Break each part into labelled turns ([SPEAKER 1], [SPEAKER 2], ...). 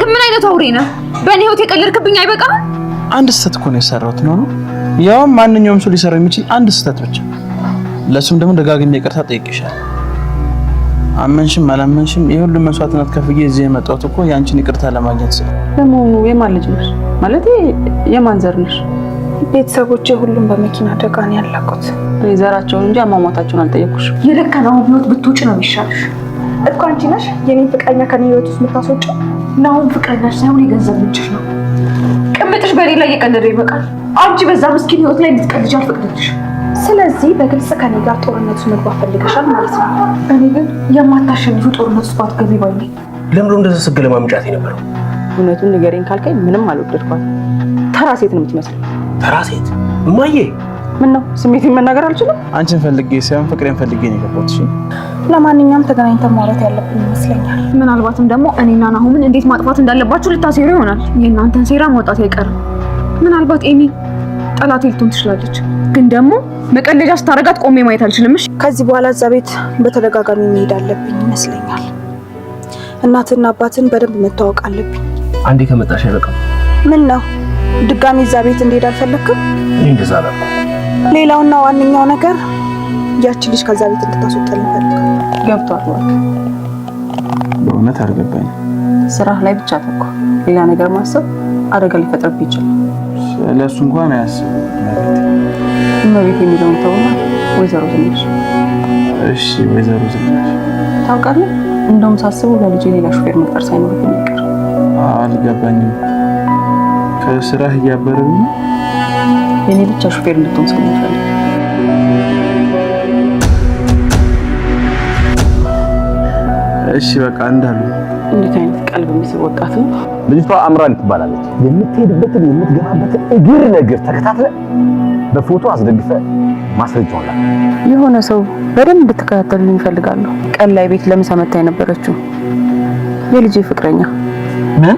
[SPEAKER 1] ግን ምን አይነት አውሬ ነው? በእኔ ህይወት የቀለድክብኝ አይበቃም?
[SPEAKER 2] አንድ ስህተት እኮ ነው የሰራሁት ነው ነው ያውም ማንኛውም ሰው ሊሰራው የሚችል አንድ ስህተት ብቻ። ለሱም ደግሞ ደጋግሜ ይቅርታ ጠይቄሻለሁ። አመንሽም አላመንሽም የሁሉም መስዋዕትነት ከፍዬ እዚህ የመጣሁት እኮ ያንቺን ይቅርታ ለማግኘት ስለ
[SPEAKER 3] ለመሆኑ የማን ልጅ ነሽ? ማለት የማን ዘር ነሽ?
[SPEAKER 1] ቤተሰቦቼ ሁሉም በመኪና አደጋ ነው ያለቁት።
[SPEAKER 3] ዘራቸውን እንጂ አሟሟታቸውን አልጠየኩሽ።
[SPEAKER 1] የለካን አሁን ህይወት ብትውጭ ነው የሚሻልሽ እኮ አንቺ ነሽ የኔን ፍቅረኛ ከኔ ህይወት ውስጥ የምታስወጪው ናሁን ፍቅረኛሽ ሳይሆን የገንዘብ ምንጭሽ ነው። ቅምጥሽ በሌላ እየቀለደ ይበቃል። አንቺ በዛ ምስኪን ህይወት ላይ እንድትቀልጅ አልፈቅድልሽ። ስለዚህ በግልጽ ከኔ ጋር ጦርነቱ መግባት ፈልገሻል ማለት ነው። እኔ ግን የማታሸንፉ ጦርነት ውስጥ ባትገቢ ባይ ነኝ።
[SPEAKER 2] ለምዶ እንደዚህ ስትገለማምጫት የነበረው
[SPEAKER 3] እውነቱን ንገረኝ ካልከኝ ምንም አልወደድኳት። ተራ ሴት ነው የምትመስለው።
[SPEAKER 2] ተራ ሴት እማዬ፣
[SPEAKER 3] ምን ነው ስሜቴን መናገር አልችልም?
[SPEAKER 2] አንቺን ፈልጌ ሳይሆን ፍቅሬን ፈልጌ ነው የገባሁት።
[SPEAKER 1] ለማንኛውም ተገናኝተን ማውራት ያለብን ይመስለኛል። ምናልባትም ደግሞ እኔና ናሁምን እንዴት ማጥፋት እንዳለባችሁ ልታሴሩ ይሆናል። የእናንተን ሴራ መውጣት አይቀርም። ምናልባት ኤሚ ጠላት ልትሆን ትችላለች፣ ግን ደግሞ መቀለጃ ስታረጋት ቆሜ ማየት አልችልም። ከዚህ በኋላ እዛ ቤት በተደጋጋሚ መሄድ አለብኝ ይመስለኛል። እናትና አባትን በደንብ መታወቅ አለብኝ።
[SPEAKER 2] አንዴ ከመጣሽ አይበቃም?
[SPEAKER 1] ምን ነው ድጋሚ እዛ ቤት እንሄድ አልፈለግክም? እኔ እንደዛ ሌላውና ዋነኛው ነገር ያቺ ልጅ ከዛ ቤት እንድታስወጣል ይፈልጋል።
[SPEAKER 3] ገብቷል ወርቅ
[SPEAKER 2] በእውነት አልገባኝ።
[SPEAKER 3] ስራህ ላይ ብቻ ተኮር፣ ሌላ ነገር ማሰብ አደጋ ሊፈጥርብ ይችላል።
[SPEAKER 2] ለእሱ እንኳን አያስብ።
[SPEAKER 3] እመቤት የሚለውን ተውና ወይዘሮ ዝናሽ።
[SPEAKER 2] እሺ ወይዘሮ ዝናሽ።
[SPEAKER 3] ታውቃለህ፣ እንደውም ሳስቡ ለልጅ ሌላ ሹፌር መቅጠር ሳይኖር ይቀር።
[SPEAKER 2] አልገባኝም። ከስራህ እያበረብኝ
[SPEAKER 3] የኔ ብቻ ሹፌር እንድትሆን ስለምፈልግ
[SPEAKER 2] እሺ በቃ እንዳሉ።
[SPEAKER 3] እንዴት አይነት ቀልብ የሚስብ ወጣት ነው!
[SPEAKER 2] ልጅቷ አምራን ትባላለች። የምትሄድበትን የምትገባበትን እግር ለእግር ተከታትለ በፎቶ አስደግፈ ማስረጃ
[SPEAKER 3] የሆነ ሰው በደንብ እንድትከታተሉኝ እፈልጋለሁ። ቀን ላይ ቤት ለምሳ መታ የነበረችው የልጄ ፍቅረኛ
[SPEAKER 2] ምን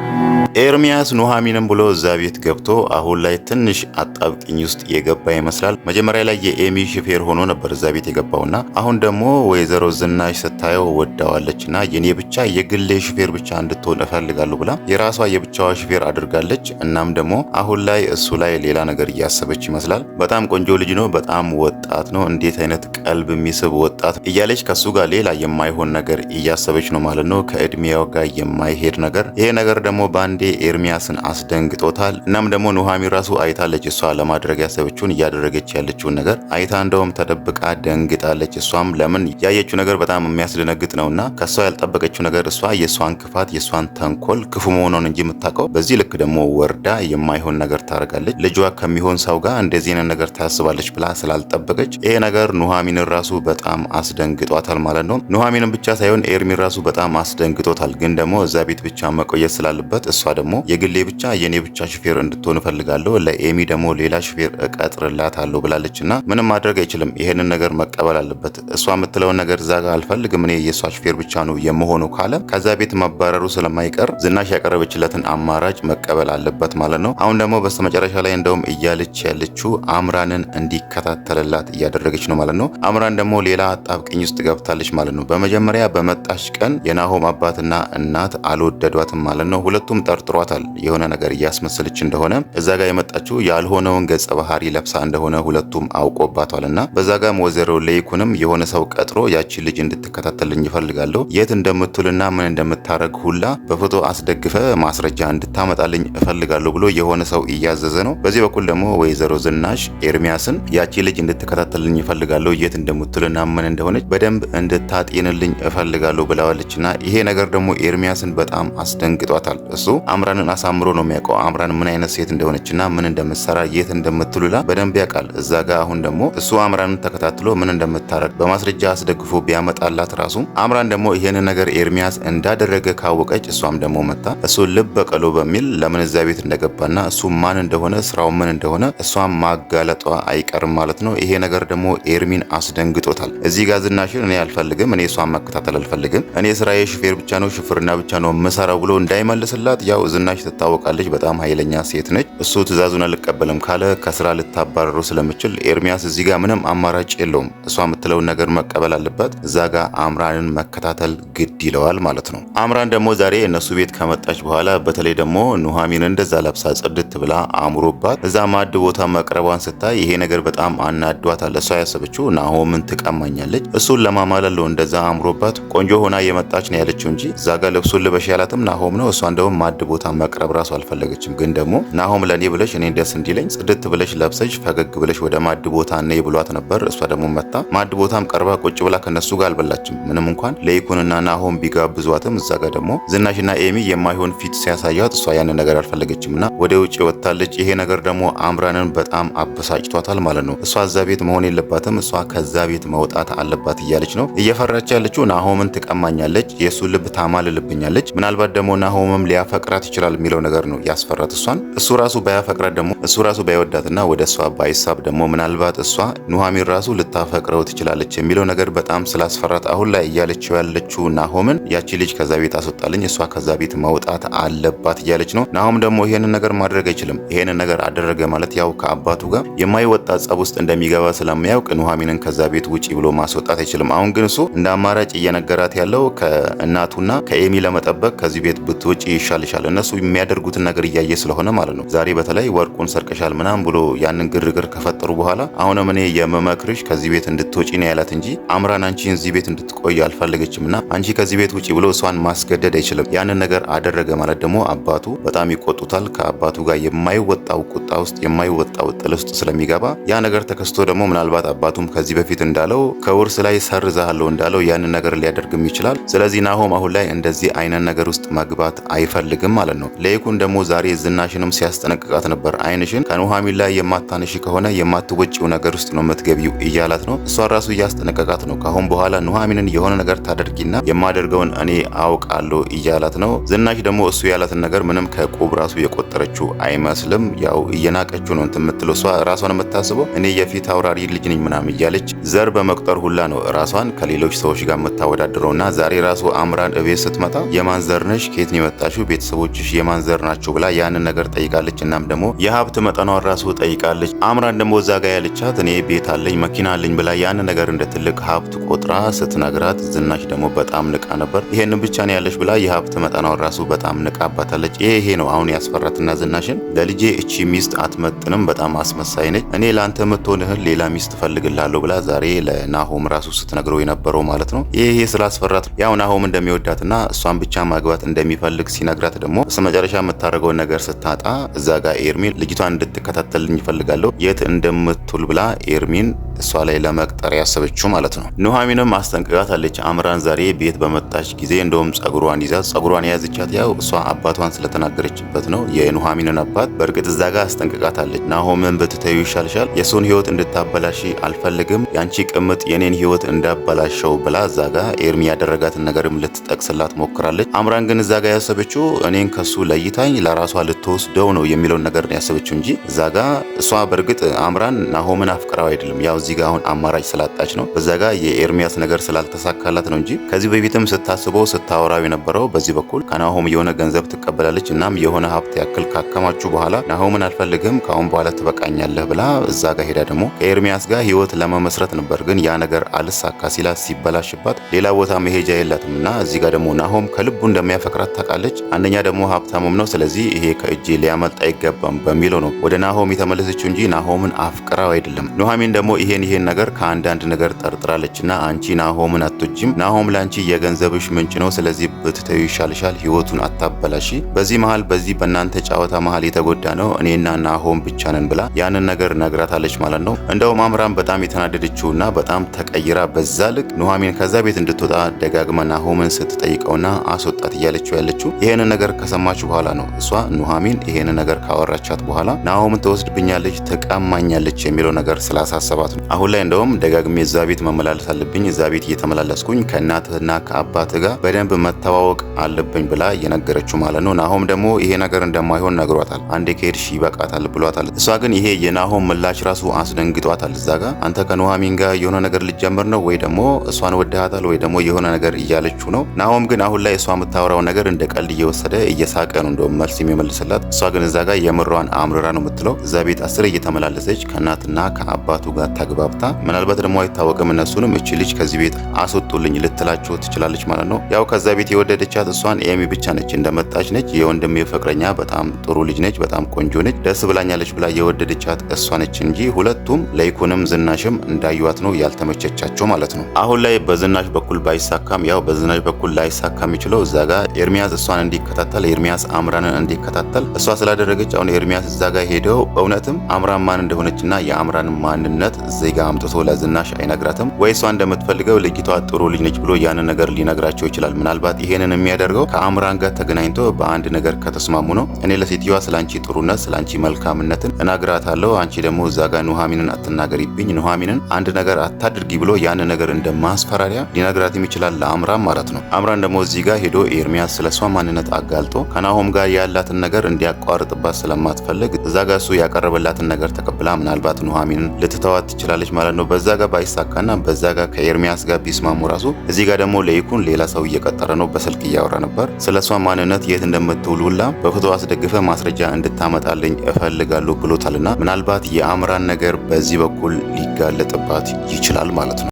[SPEAKER 4] ኤርሚያስ ኑሐሚንም ብሎ እዛ ቤት ገብቶ አሁን ላይ ትንሽ አጣብቅኝ ውስጥ የገባ ይመስላል። መጀመሪያ ላይ የኤሚ ሽፌር ሆኖ ነበር እዛ ቤት የገባውና አሁን ደግሞ ወይዘሮ ዝናሽ ስታየው ወዳዋለችና የኔ ብቻ የግሌ ሹፌር ብቻ እንድትሆን እፈልጋለሁ ብላ የራሷ የብቻዋ ሽፌር አድርጋለች። እናም ደግሞ አሁን ላይ እሱ ላይ ሌላ ነገር እያሰበች ይመስላል። በጣም ቆንጆ ልጅ ነው፣ በጣም ወጣት ነው፣ እንዴት አይነት ቀልብ የሚስብ ወጣት እያለች ከሱ ጋር ሌላ የማይሆን ነገር እያሰበች ነው ማለት ነው፣ ከእድሜዋ ጋር የማይሄድ ነገር። ይሄ ነገር ደግሞ በአንድ አንዴ ኤርሚያስን አስደንግጦታል። እናም ደግሞ ኑሐሚን ራሱ አይታለች። እሷ ለማድረግ ያሰበችውን እያደረገች ያለችውን ነገር አይታ እንደውም ተደብቃ ደንግጣለች። እሷም ለምን ያየችው ነገር በጣም የሚያስደነግጥ ነውና ከእሷ ያልጠበቀችው ነገር እሷ የእሷን ክፋት የእሷን ተንኮል ክፉ መሆኗን እንጂ የምታውቀው በዚህ ልክ ደግሞ ወርዳ የማይሆን ነገር ታደርጋለች። ልጇ ከሚሆን ሰው ጋር እንደዚህ አይነት ነገር ታስባለች ብላ ስላልጠበቀች ይሄ ነገር ኑሐሚንን ራሱ በጣም አስደንግጧታል ማለት ነው። ኑሐሚንን ብቻ ሳይሆን ኤርሚን ራሱ በጣም አስደንግጦታል። ግን ደግሞ እዛ ቤት ብቻ መቆየት ስላለበት እሷ ደግሞ የግሌ ብቻ የኔ ብቻ ሹፌር እንድትሆን እፈልጋለሁ፣ ለኤሚ ደግሞ ሌላ ሹፌር እቀጥርላታለሁ ብላለች እና ምንም ማድረግ አይችልም። ይሄንን ነገር መቀበል አለበት። እሷ የምትለውን ነገር እዛ ጋር አልፈልግም፣ እኔ የእሷ ሹፌር ብቻ ነው የመሆኑ ካለ ከዛ ቤት መባረሩ ስለማይቀር ዝናሽ ያቀረበችለትን አማራጭ መቀበል አለበት ማለት ነው። አሁን ደግሞ በስተመጨረሻ ላይ እንደውም እያለች ያለችው አምራንን እንዲከታተልላት እያደረገች ነው ማለት ነው። አምራን ደግሞ ሌላ አጣብቅኝ ውስጥ ገብታለች ማለት ነው። በመጀመሪያ በመጣች ቀን የናሆም አባትና እናት አልወደዷትም ማለት ነው። ሁለቱም ጠር ጠርጥሯታል። የሆነ ነገር እያስመሰለች እንደሆነ እዛ ጋር የመጣችው ያልሆነውን ገጸ ባህሪ ለብሳ እንደሆነ ሁለቱም አውቆባቷል። እና በዛ ጋም ወይዘሮ ሌይኩንም የሆነ ሰው ቀጥሮ ያቺን ልጅ እንድትከታተልኝ ይፈልጋለሁ የት እንደምትውልና ምን እንደምታረግ ሁላ በፎቶ አስደግፈ ማስረጃ እንድታመጣልኝ እፈልጋለሁ ብሎ የሆነ ሰው እያዘዘ ነው። በዚህ በኩል ደግሞ ወይዘሮ ዝናሽ ኤርሚያስን ያቺ ልጅ እንድትከታተልኝ ይፈልጋለሁ የት እንደምትውልና ምን እንደሆነች በደንብ እንድታጤንልኝ እፈልጋለሁ ብለዋለች። እና ይሄ ነገር ደግሞ ኤርሚያስን በጣም አስደንግጧታል። እሱ አምራንን አሳምሮ ነው የሚያውቀው። አምራን ምን አይነት ሴት እንደሆነችና ምን እንደምትሰራ የት እንደምትሉላ በደንብ ያውቃል። እዛ ጋ አሁን ደግሞ እሱ አምራንን ተከታትሎ ምን እንደምታረግ በማስረጃ አስደግፎ ቢያመጣላት ራሱ አምራን ደግሞ ይሄን ነገር ኤርሚያስ እንዳደረገ ካወቀች እሷም ደግሞ መታ እሱ ልብ በቀሎ በሚል ለምን እዚያ ቤት እንደገባና እሱ ማን እንደሆነ ስራው ምን እንደሆነ እሷም ማጋለጧ አይቀርም ማለት ነው። ይሄ ነገር ደግሞ ኤርሚን አስደንግጦታል። እዚህ ጋር ዝናሽን እኔ አልፈልግም፣ እኔ እሷን መከታተል አልፈልግም፣ እኔ ስራዬ ሹፌር ብቻ ነው፣ ሹፍርና ብቻ ነው ምሰራው ብሎ እንዳይመልስላት ያው ያው ዝናሽ ትታወቃለች፣ በጣም ኃይለኛ ሴት ነች። እሱ ትእዛዙን አልቀበልም ካለ ከስራ ልታባረሩ ስለምችል ኤርሚያስ እዚህ ጋር ምንም አማራጭ የለውም። እሷ የምትለውን ነገር መቀበል አለበት። እዛ አምራንን መከታተል ግድ ይለዋል ማለት ነው። አምራን ደግሞ ዛሬ እነሱ ቤት ከመጣች በኋላ በተለይ ደግሞ ኑሐሚን እንደዛ ለብሳ ጽድት ብላ አምሮባት እዛ ማዕድ ቦታ መቅረቧን ስታይ ይሄ ነገር በጣም አናዷታል። እሷ ያሰበችው ናሆምን ትቀማኛለች፣ እሱን ለማማለለው እንደዛ አምሮባት ቆንጆ ሆና የመጣች ነው ያለችው እንጂ እዛ ጋር ልብሱን ልበሽ ያላትም ናሆም ነው። እሷ እንደውም ማድ ቦታ መቅረብ ራሱ አልፈለገችም። ግን ደግሞ ናሆም ለእኔ ብለሽ እኔ ደስ እንዲለኝ ጽድት ብለሽ ለብሰሽ ፈገግ ብለሽ ወደ ማድ ቦታ እነይ ብሏት ነበር። እሷ ደግሞ መታ ማድ ቦታም ቀርባ ቁጭ ብላ ከነሱ ጋር አልበላችም። ምንም እንኳን ለይኩንና ናሆም ቢጋብዟትም እዛ ጋር ደግሞ ዝናሽና ኤሚ የማይሆን ፊት ሲያሳያት እሷ ያንን ነገር አልፈለገችም ወደ ውጭ ወጥታለች። ይሄ ነገር ደግሞ አምራንን በጣም አበሳጭቷታል ማለት ነው። እሷ እዛ ቤት መሆን የለባትም እሷ ከዛ ቤት መውጣት አለባት እያለች ነው እየፈራች ያለችው። ናሆምን ትቀማኛለች፣ የእሱ ልብ ታማልልብኛለች፣ ምናልባት ደግሞ ናሆምም ሊያፈቅር ሊያፈቅራት ይችላል የሚለው ነገር ነው ያስፈራት እሷን። እሱ ራሱ ባያፈቅራት ደግሞ እሱ ራሱ ባይወዳትና ወደ እሷ ባይሳብ ደግሞ ምናልባት እሷ ኑሐሚን ራሱ ልታፈቅረው ትችላለች የሚለው ነገር በጣም ስላስፈራት አሁን ላይ እያለችው ያለችው ናሆምን ያቺ ልጅ ከዛ ቤት አስወጣልኝ፣ እሷ ከዛ ቤት መውጣት አለባት እያለች ነው። ናሆም ደግሞ ይሄንን ነገር ማድረግ አይችልም። ይሄንን ነገር አደረገ ማለት ያው ከአባቱ ጋር የማይወጣ ጸብ ውስጥ እንደሚገባ ስለሚያውቅ ኑሐሚንን ከዛ ቤት ውጪ ብሎ ማስወጣት አይችልም። አሁን ግን እሱ እንደ አማራጭ እየነገራት ያለው ከእናቱና ከኤሚ ለመጠበቅ ከዚህ ቤት ብትውጪ ይሻልሻል ይመስላል። እነሱ የሚያደርጉትን ነገር እያየ ስለሆነ ማለት ነው። ዛሬ በተለይ ወርቁን ሰርቀሻል ምናምን ብሎ ያንን ግርግር ከፈጠሩ በኋላ አሁንም እኔ የምመክርሽ ከዚህ ቤት እንድትወጪ ነው ያላት እንጂ አምራን አንቺ እዚህ ቤት እንድትቆይ አልፈለገችም አንቺ ከዚህ ቤት ውጪ ብሎ እሷን ማስገደድ አይችልም። ያንን ነገር አደረገ ማለት ደግሞ አባቱ በጣም ይቆጡታል። ከአባቱ ጋር የማይወጣው ቁጣ ውስጥ የማይወጣው ጥል ውስጥ ስለሚገባ ያ ነገር ተከስቶ ደግሞ ምናልባት አባቱም ከዚህ በፊት እንዳለው ከውርስ ላይ ሰርዛሃለሁ እንዳለው ያንን ነገር ሊያደርግም ይችላል። ስለዚህ ናሆም አሁን ላይ እንደዚህ አይነት ነገር ውስጥ መግባት አይፈልግም። አይደለም ማለት ነው። ለይኩን ደግሞ ዛሬ ዝናሽንም ሲያስጠነቅቃት ነበር። አይንሽን ከኑሐሚን ላይ የማታነሽ ከሆነ የማትወጪው ነገር ውስጥ ነው የምትገቢው እያላት ነው። እሷ ራሱ እያስጠነቀቃት ነው። ካሁን በኋላ ኑሐሚንን የሆነ ነገር ታደርጊና የማደርገውን እኔ አውቃለሁ እያላት ነው። ዝናሽ ደግሞ እሱ ያላትን ነገር ምንም ከቁብ ራሱ የቆጠረችው አይመስልም። ያው እየናቀችው ነው እንትን የምትለው እሷ ራሷን የምታስበው እኔ የፊት አውራሪ ልጅ ነኝ ምናምን እያለች ዘር በመቁጠር ሁላ ነው ራሷን ከሌሎች ሰዎች ጋር የምታወዳድረውና ዛሬ ራሱ አምራን እቤት ስትመጣ የማን ዘር ነሽ? ከየት ነው የመጣሽው? ቤተሰቡ ቤተሰቦችሽ የማን ዘር ናቸው ብላ ያንን ነገር ጠይቃለች። እናም ደግሞ የሀብት መጠኗን ራሱ ጠይቃለች። አምራን ደግሞ እዛ ጋ ያለቻት እኔ ቤት አለኝ መኪና አለኝ ብላ ያንን ነገር እንደ ትልቅ ሀብት ቆጥራ ስትነግራት ዝናሽ ደግሞ በጣም ንቃ ነበር። ይሄንን ብቻ ነው ያለች ብላ የሀብት መጠኗን ራሱ በጣም ንቃባታለች። ይሄ ይሄ ነው አሁን ያስፈራትና ዝናሽን ለልጄ እቺ ሚስት አትመጥንም፣ በጣም አስመሳይ ነች፣ እኔ ለአንተ የምትሆንህን ሌላ ሚስት እፈልግልሃለሁ ብላ ዛሬ ለናሆም ራሱ ስትነግረው የነበረው ማለት ነው። ይሄ ስላስፈራት ያው ናሆም እንደሚወዳትና እሷን ብቻ ማግባት እንደሚፈልግ ሲነግራት ደግሞ ደግሞ በስተመጨረሻ የምታደርገውን ነገር ስታጣ እዛ ጋር ኤርሚን ልጅቷን እንድትከታተልኝ ይፈልጋለሁ የት እንደምትውል ብላ ኤርሚን እሷ ላይ ለመቅጠር ያሰበችው ማለት ነው። ኑሐሚንም ማስጠንቀቃት አለች። አምራን ዛሬ ቤት በመጣች ጊዜ እንደውም ጸጉሯን ይዛት ጸጉሯን የያዘቻት ያው እሷ አባቷን ስለተናገረችበት ነው። የኑሐሚንን አባት በእርግጥ እዛ ጋር አስጠንቅቃት አለች። ናሆምን ብትተዩ ይሻልሻል፣ የእሱን ህይወት እንድታበላሽ አልፈልግም፣ የአንቺ ቅምጥ የኔን ህይወት እንዳበላሸው ብላ እዛ ጋ ኤርሚ ያደረጋትን ነገርም ልትጠቅስላት ሞክራለች። አምራን ግን እዛ ጋ ያሰበችው እኔን ከሱ ለይታኝ ለራሷ ልትወስደው ነው የሚለውን ነገር ያሰበችው እንጂ እዛ ጋ እሷ በእርግጥ አምራን ናሆምን አፍቅራው አይደለም ያው እዚህ ጋር አሁን አማራጭ ስላጣች ነው። በዛ ጋ የኤርሚያስ ነገር ስላልተሳካላት ነው እንጂ ከዚህ በፊትም ስታስበው ስታወራው የነበረው በዚህ በኩል ከናሆም የሆነ ገንዘብ ትቀበላለች። እናም የሆነ ሀብት ያክል ካከማችሁ በኋላ ናሆምን አልፈልግም ከአሁን በኋላ ትበቃኛለህ ብላ እዛ ጋ ሄዳ ደግሞ ከኤርሚያስ ጋር ህይወት ለመመስረት ነበር። ግን ያ ነገር አልሳካ ሲላ ሲበላሽባት ሌላ ቦታ መሄጃ የላትም እና እዚህ ጋ ደግሞ ናሆም ከልቡ እንደሚያፈቅራት ታውቃለች። አንደኛ ደግሞ ሀብታሙም ነው። ስለዚህ ይሄ ከእጄ ሊያመልጥ አይገባም በሚለው ነው ወደ ናሆም የተመለሰችው እንጂ ናሆምን አፍቅራው አይደለም። ኑሐሚን ደግሞ ይሄ ይሄን ይሄን ነገር ከአንዳንድ ነገር ጠርጥራለችና አንቺ ናሆምን አትወጂም፣ ናሆም ላንቺ የገንዘብሽ ምንጭ ነው። ስለዚህ ብትተዩ ይሻልሻል፣ ህይወቱን አታበላሺ። በዚህ መሀል በዚህ በእናንተ ጨዋታ መሀል የተጎዳ ነው እኔና ናሆም ብቻ ነን ብላ ያንን ነገር ነግራታለች ማለት ነው። እንደውም አምራን በጣም የተናደደችውና በጣም ተቀይራ በዛ ልክ ኑሐሚን ከዛ ቤት እንድትወጣ ደጋግማ ናሆምን ስትጠይቀውና አስወጣት እያለችው ያለችው ይሄንን ነገር ከሰማች በኋላ ነው። እሷ ኑሐሚን ይሄንን ነገር ካወራቻት በኋላ ናሆምን ትወስድብኛለች፣ ትቀማኛለች የሚለው ነገር ስላሳሰባት ነው አሁን ላይ እንደውም ደጋግሜ እዛ ቤት መመላለስ አለብኝ፣ እዛ ቤት እየተመላለስኩኝ ከእናትና ከአባት ጋር በደንብ መተዋወቅ አለብኝ ብላ እየነገረችው ማለት ነው። ናሆም ደግሞ ይሄ ነገር እንደማይሆን ነግሯታል። አንዴ ከሄድሽ ይበቃታል ብሏታል። እሷ ግን ይሄ የናሆም ምላሽ ራሱ አስደንግጧታል። እዛ ጋር አንተ ከኑሐሚን ጋር የሆነ ነገር ልጀምር ነው ወይ ደግሞ እሷን ወደሃታል ወይ ደግሞ የሆነ ነገር እያለችው ነው። ናሆም ግን አሁን ላይ እሷ የምታወራው ነገር እንደ ቀልድ እየወሰደ እየሳቀ ነው እንደውም መልስ የሚመልስላት። እሷ ግን እዛ ጋር የምሯን አምርራ ነው የምትለው። እዛ ቤት አስር እየተመላለሰች ከእናትና ከአባቱ ጋር ታገ ተግባብታ ምናልባት ደግሞ አይታወቅም እነሱንም እቺ ልጅ ከዚህ ቤት አስወጡልኝ ልትላቸው ትችላለች ማለት ነው። ያው ከዛ ቤት የወደደቻት እሷን ኤሚ ብቻ ነች። እንደመጣች ነች የወንድሜ ፍቅረኛ በጣም ጥሩ ልጅ ነች፣ በጣም ቆንጆ ነች፣ ደስ ብላኛለች ብላ የወደደቻት እሷ ነች እንጂ ሁለቱም ለይኩንም ዝናሽም እንዳዩዋት ነው ያልተመቸቻቸው ማለት ነው። አሁን ላይ በዝናሽ በኩል ባይሳካም ያው በዝናሽ በኩል ላይሳካ የሚችለው እዛ ጋ ኤርሚያስ እሷን እንዲከታተል ኤርሚያስ አምራንን እንዲከታተል እሷ ስላደረገች አሁን ኤርሚያስ እዛ ጋ ሄደው እውነትም አምራን ማን እንደሆነችና የአምራን ማንነት ዜጋ አምጥቶ ለዝናሽ አይነግራትም ወይ እሷ እንደምትፈልገው ልጅቷ ጥሩ ልጅ ነች ብሎ ያንን ነገር ሊነግራቸው ይችላል። ምናልባት ይሄንን የሚያደርገው ከአምራን ጋር ተገናኝቶ በአንድ ነገር ከተስማሙ ነው። እኔ ለሴትዮዋ ስለ አንቺ ጥሩነት፣ ስለ አንቺ መልካምነትን እናግራታለሁ። አንቺ ደግሞ እዛ ጋር ኑሐሚንን አትናገሪብኝ፣ ኑሐሚንን አንድ ነገር አታድርጊ ብሎ ያን ነገር እንደማስፈራሪያ ሊነግራትም ይችላል ለአምራን ማለት ነው። አምራን ደግሞ እዚህ ጋር ሄዶ ኤርሚያስ ስለ እሷ ማንነት አጋልጦ ከናሆም ጋር ያላትን ነገር እንዲያቋርጥባት ስለማትፈልግ እዛ ጋር እሱ ያቀረበላትን ነገር ተቀብላ ምናልባት ኑሐሚንን ልትተዋት ትችላል ትችላለች ማለት ነው። በዛ ጋር ባይሳካና በዛ ጋር ከኤርሚያስ ጋር ቢስማሙ ራሱ እዚህ ጋር ደግሞ ለይኩን ሌላ ሰው እየቀጠረ ነው። በስልክ እያወራ ነበር። ስለ እሷ ማንነት የት እንደምትውል ሁላ በፎቶ አስደግፈ ማስረጃ እንድታመጣልኝ እፈልጋለሁ ብሎታልና ምናልባት የአምራን ነገር በዚህ በኩል ሊጋለጥባት ይችላል ማለት ነው።